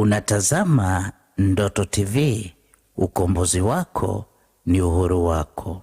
Unatazama Ndoto TV. Ukombozi wako ni uhuru wako.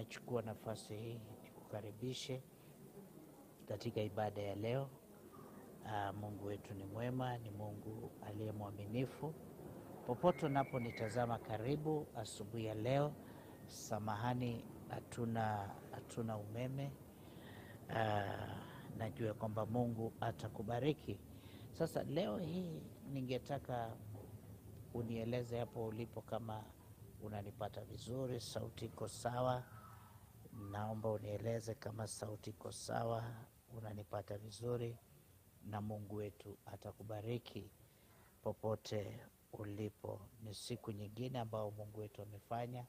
Nachukua nafasi hii nikukaribishe katika ibada ya leo. Aa, ah, Mungu wetu ni mwema, ni Mungu aliye mwaminifu. Popote unaponitazama, karibu asubuhi ya leo. Samahani, hatuna hatuna umeme. Aa, ah, najua kwamba Mungu atakubariki. Sasa leo hii ningetaka unieleze hapo ulipo, kama unanipata vizuri, sauti iko sawa Naomba unieleze kama sauti iko sawa, unanipata vizuri, na Mungu wetu atakubariki popote ulipo. Ni siku nyingine ambayo Mungu wetu amefanya.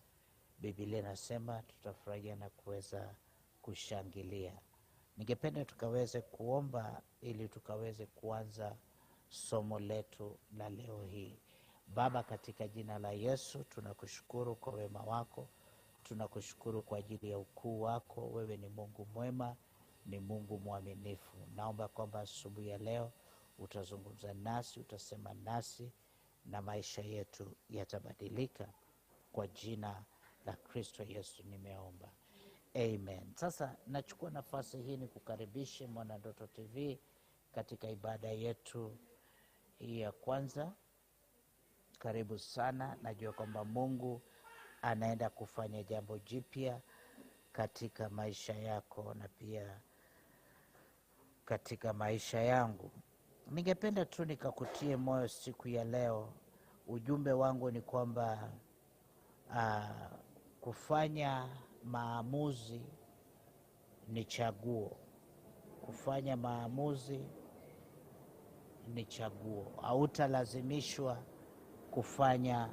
Biblia inasema tutafurahia na kuweza kushangilia. Ningependa tukaweze kuomba ili tukaweze kuanza somo letu la leo hii. Baba, katika jina la Yesu tunakushukuru kwa wema wako Tunakushukuru kwa ajili ya ukuu wako. Wewe ni Mungu mwema, ni Mungu mwaminifu. Naomba kwamba asubuhi ya leo utazungumza nasi, utasema nasi na maisha yetu yatabadilika kwa jina la Kristo Yesu nimeomba, amen. Sasa nachukua nafasi hii ni kukaribishe Mwanandoto TV katika ibada yetu hii ya kwanza. Karibu sana, najua kwamba Mungu anaenda kufanya jambo jipya katika maisha yako na pia katika maisha yangu. Ningependa tu nikakutie moyo siku ya leo. Ujumbe wangu ni kwamba uh, kufanya maamuzi ni chaguo. Kufanya maamuzi ni chaguo, hautalazimishwa kufanya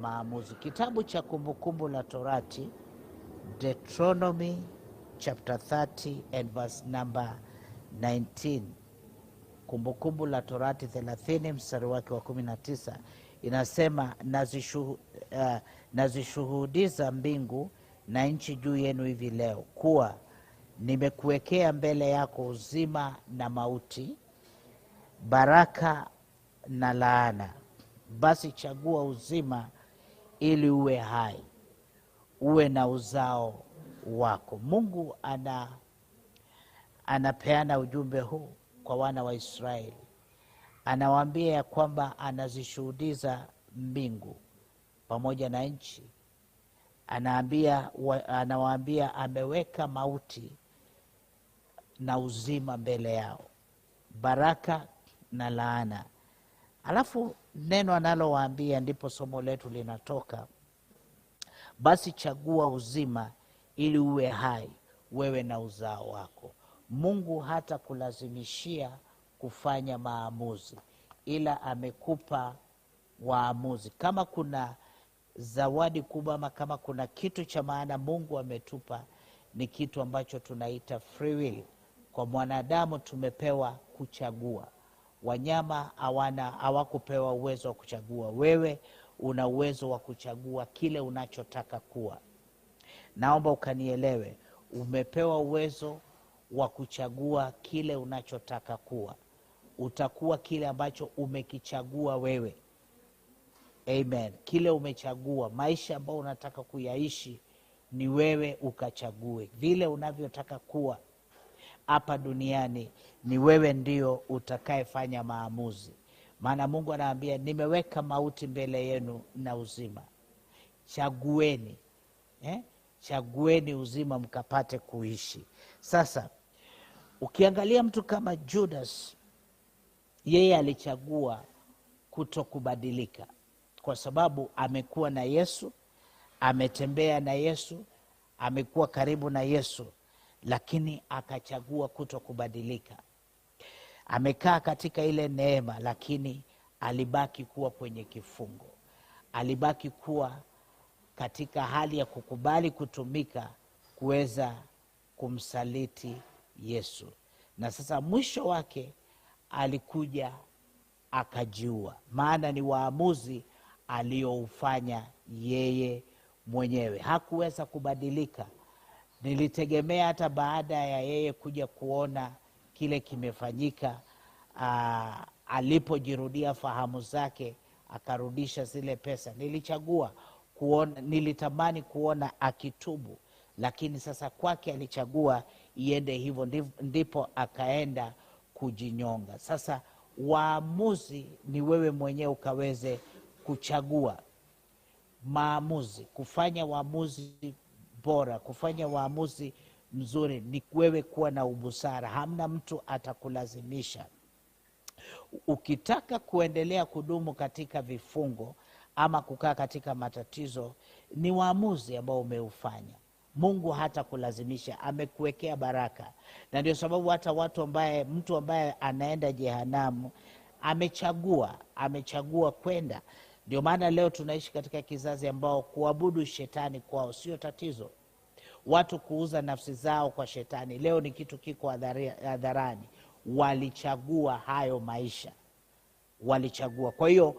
maamuzi. Kitabu cha Kumbukumbu la Torati, Deuteronomy chapter 30 and verse number 19. Kumbukumbu la Torati 30 mstari wake wa 19 inasema nazishuhudiza uh, eh, nazishuhudiza mbingu na nchi juu yenu hivi leo kuwa nimekuwekea mbele yako uzima na mauti, baraka na laana. Basi chagua uzima ili uwe hai, uwe na uzao wako. Mungu ana anapeana ujumbe huu kwa wana wa Israeli, anawaambia ya kwamba anazishuhudiza mbingu pamoja na nchi, anaambia anawaambia ameweka mauti na uzima mbele yao, baraka na laana. Alafu neno analowaambia ndipo somo letu linatoka, basi chagua uzima ili uwe hai wewe na uzao wako. Mungu hata kulazimishia kufanya maamuzi, ila amekupa waamuzi. Kama kuna zawadi kubwa ama kama kuna kitu cha maana Mungu ametupa ni kitu ambacho tunaita free will. Kwa mwanadamu tumepewa kuchagua. Wanyama hawana hawakupewa uwezo wa kuchagua. Wewe una uwezo wa kuchagua kile unachotaka kuwa. Naomba ukanielewe, umepewa uwezo wa kuchagua kile unachotaka kuwa. Utakuwa kile ambacho umekichagua wewe. Amen. Kile umechagua, maisha ambayo unataka kuyaishi ni wewe, ukachague vile unavyotaka kuwa hapa duniani, ni wewe ndio utakayefanya maamuzi. Maana Mungu anaambia, nimeweka mauti mbele yenu na uzima, chagueni eh? Chagueni uzima mkapate kuishi. Sasa ukiangalia mtu kama Judas, yeye alichagua kutokubadilika kwa sababu amekuwa na Yesu, ametembea na Yesu, amekuwa karibu na Yesu lakini akachagua kuto kubadilika Amekaa katika ile neema, lakini alibaki kuwa kwenye kifungo, alibaki kuwa katika hali ya kukubali kutumika kuweza kumsaliti Yesu. Na sasa mwisho wake alikuja akajiua, maana ni waamuzi alioufanya yeye mwenyewe. Hakuweza kubadilika nilitegemea hata baada ya yeye kuja kuona kile kimefanyika, alipojirudia fahamu zake akarudisha zile pesa. Nilichagua kuona, nilitamani kuona akitubu, lakini sasa kwake alichagua iende hivyo, ndipo akaenda kujinyonga. Sasa waamuzi ni wewe mwenyewe, ukaweze kuchagua maamuzi, kufanya waamuzi bora, kufanya waamuzi mzuri ni wewe kuwa na ubusara. Hamna mtu atakulazimisha. Ukitaka kuendelea kudumu katika vifungo ama kukaa katika matatizo, ni waamuzi ambao umeufanya. Mungu hata kulazimisha, amekuwekea baraka, na ndio sababu hata watu ambaye, mtu ambaye anaenda jehanamu amechagua, amechagua kwenda ndio maana leo tunaishi katika kizazi ambao kuabudu shetani kwao sio tatizo. Watu kuuza nafsi zao kwa shetani leo ni kitu kiko hadharani. Walichagua hayo maisha, walichagua. Kwa hiyo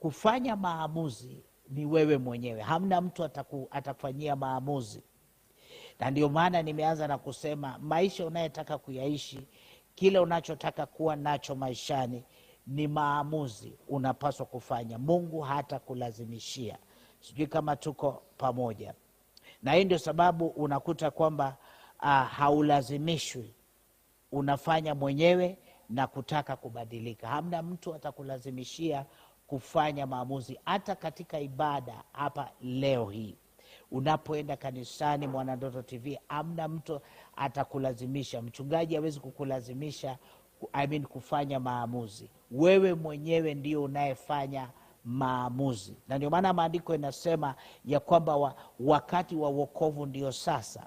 kufanya maamuzi ni wewe mwenyewe, hamna mtu ataku, atakufanyia maamuzi. Na ndio maana nimeanza na kusema maisha unayetaka kuyaishi, kile unachotaka kuwa nacho maishani ni maamuzi unapaswa kufanya. Mungu hata kulazimishia. Sijui kama tuko pamoja, na hii ndio sababu unakuta kwamba uh, haulazimishwi, unafanya mwenyewe na kutaka kubadilika. Hamna mtu atakulazimishia kufanya maamuzi, hata katika ibada hapa leo hii unapoenda kanisani Mwanandoto TV, amna mtu atakulazimisha, mchungaji hawezi kukulazimisha I mean, kufanya maamuzi wewe mwenyewe ndio unayefanya maamuzi, na ndio maana maandiko inasema ya kwamba wa, wakati wa wokovu ndio sasa,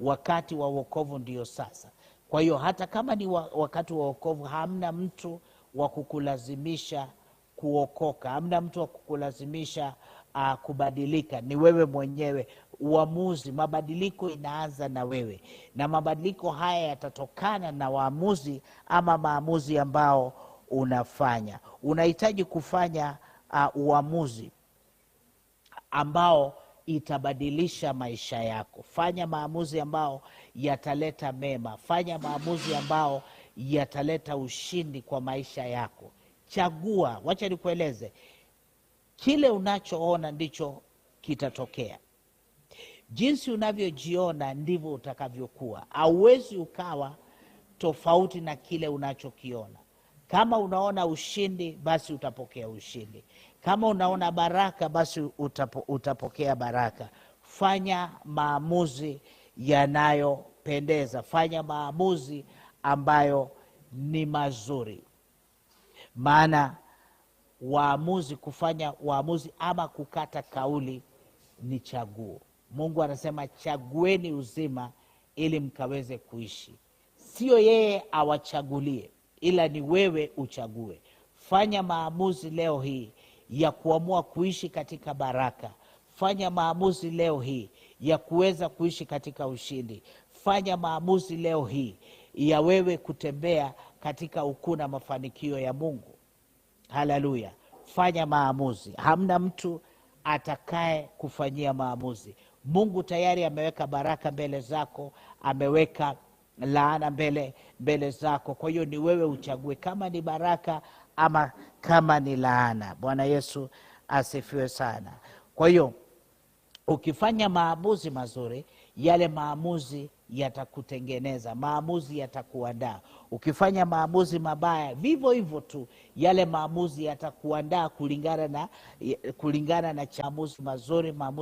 wakati wa wokovu ndio sasa. Kwa hiyo hata kama ni wa, wakati wa wokovu, hamna mtu wa kukulazimisha kuokoka, hamna mtu wa kukulazimisha uh, kubadilika. Ni wewe mwenyewe uamuzi. Mabadiliko inaanza na wewe, na mabadiliko haya yatatokana na waamuzi ama maamuzi ambao unafanya. Unahitaji kufanya uh, uamuzi ambao itabadilisha maisha yako. Fanya maamuzi ambao yataleta mema, fanya maamuzi ambao yataleta ushindi kwa maisha yako. Chagua, wacha nikueleze, kile unachoona ndicho kitatokea. Jinsi unavyojiona ndivyo utakavyokuwa. Hauwezi ukawa tofauti na kile unachokiona. Kama unaona ushindi, basi utapokea ushindi. Kama unaona baraka, basi utapo, utapokea baraka. Fanya maamuzi yanayopendeza, fanya maamuzi ambayo ni mazuri, maana waamuzi kufanya waamuzi ama kukata kauli ni chaguo. Mungu anasema chagueni uzima ili mkaweze kuishi, sio yeye awachagulie ila ni wewe uchague. Fanya maamuzi leo hii ya kuamua kuishi katika baraka. Fanya maamuzi leo hii ya kuweza kuishi katika ushindi. Fanya maamuzi leo hii ya wewe kutembea katika ukuu na mafanikio ya Mungu. Haleluya! Fanya maamuzi, hamna mtu atakaye kufanyia maamuzi. Mungu tayari ameweka baraka mbele zako, ameweka laana mbele mbele zako. Kwa hiyo ni wewe uchague kama ni baraka ama kama ni laana. Bwana Yesu asifiwe sana. Kwa hiyo ukifanya maamuzi mazuri, yale maamuzi yatakutengeneza, maamuzi yatakuandaa. Ukifanya maamuzi mabaya, vivyo hivyo tu, yale maamuzi yatakuandaa kulingana na kulingana na chamuzi mazuri, maamuzi